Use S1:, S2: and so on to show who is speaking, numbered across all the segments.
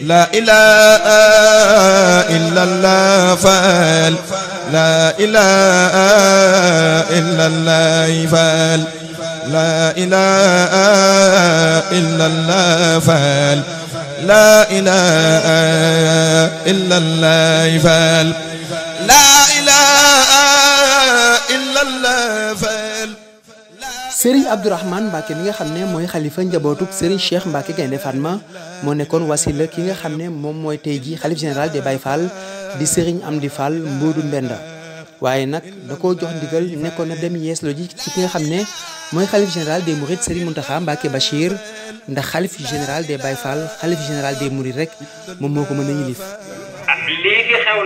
S1: لا إله إلا الله فال لا إله إلا الله فال لا إله إلا الله فال لا إله إلا الله فال لا إله إلا الله فال
S2: Serigne Abdourahmane Mbacke bi nga xam ne mooy xalifa njabootug Serigne Cheikh Mbacke Gaynde Fatma moo nekkoon wasila ki nga xam ne moom mooy tey jii xalif général des Baye Fall di Serigne Amdi Fall Mbuudu Mbenda waaye nag da koo jox ndigal nekkoon na dem yeeslo ji ci ki nga xam ne mooy xalif général des Mourides Serigne Mountakha Mbacke Bachir ndax xalif général des bay Fall xalif général de Mourides rek moom moo ko mën a yilif.
S1: léegi xew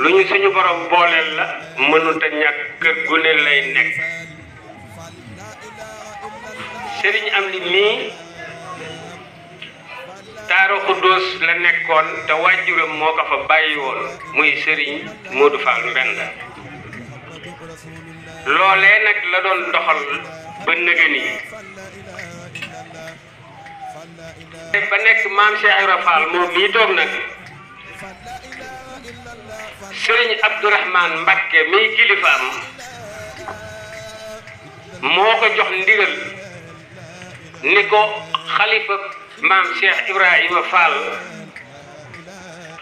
S1: lu ñu suñu borom booleel la mënut a ñàkk kër gu ne lay nekk sëriñ am ni mii taaru Xuddoos la nekkoon te waajuram moo ko fa bàyyi woon muy sëriñ Modou Fall Mbend loolee nag la doon doxal ba nëgë ba nekk maam Cheikh Ibra Fall moom mii toog nag sëriñ Abdourahman Mbakke mi kilifaam moo ko jox ndigal ni ko xalifa maam Cheikh Ibrahima Fall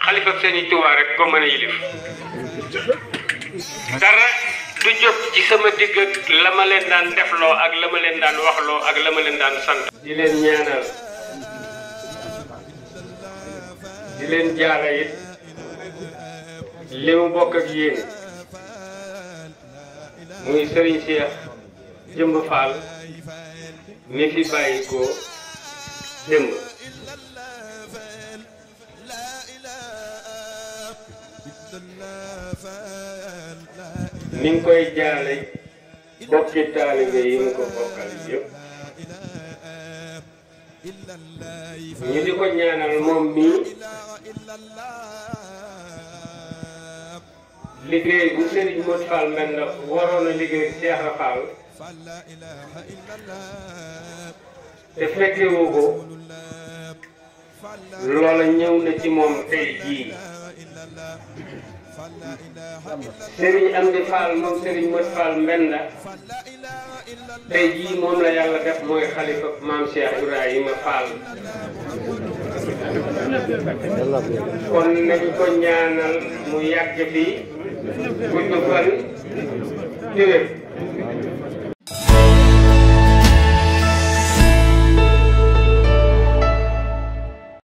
S1: xalifa sëriñ Tuubaa rek ko mën a yilif dara du jóg ci sama digg ak la ma leen daan defloo ak la ma leen daan waxloo ak la ma leen daan sant di leen ñaanal di leen jaara it li mu bokk ak yéen muy Serigne Cheikh Jëmb Fall mi fi bàyyi ko démb mi ngi koy jaale bokki taalibe yi mu ko bokkal yëpp ñu di ko ñaanal moom mii liggéey bu Serigne Modou Fall mel na waroon a liggéey Cheikh Fall te fekke woo ko loola ñëw na ci moom tey jii Serigne Amdi Fall moom Serigne Modou Fall mel na tey jii moom la yàlla def mooy xalifa maam Cheikh Ibrahima Fall kon nañ ko ñaanal mu yàgg fii buñ ko fari téye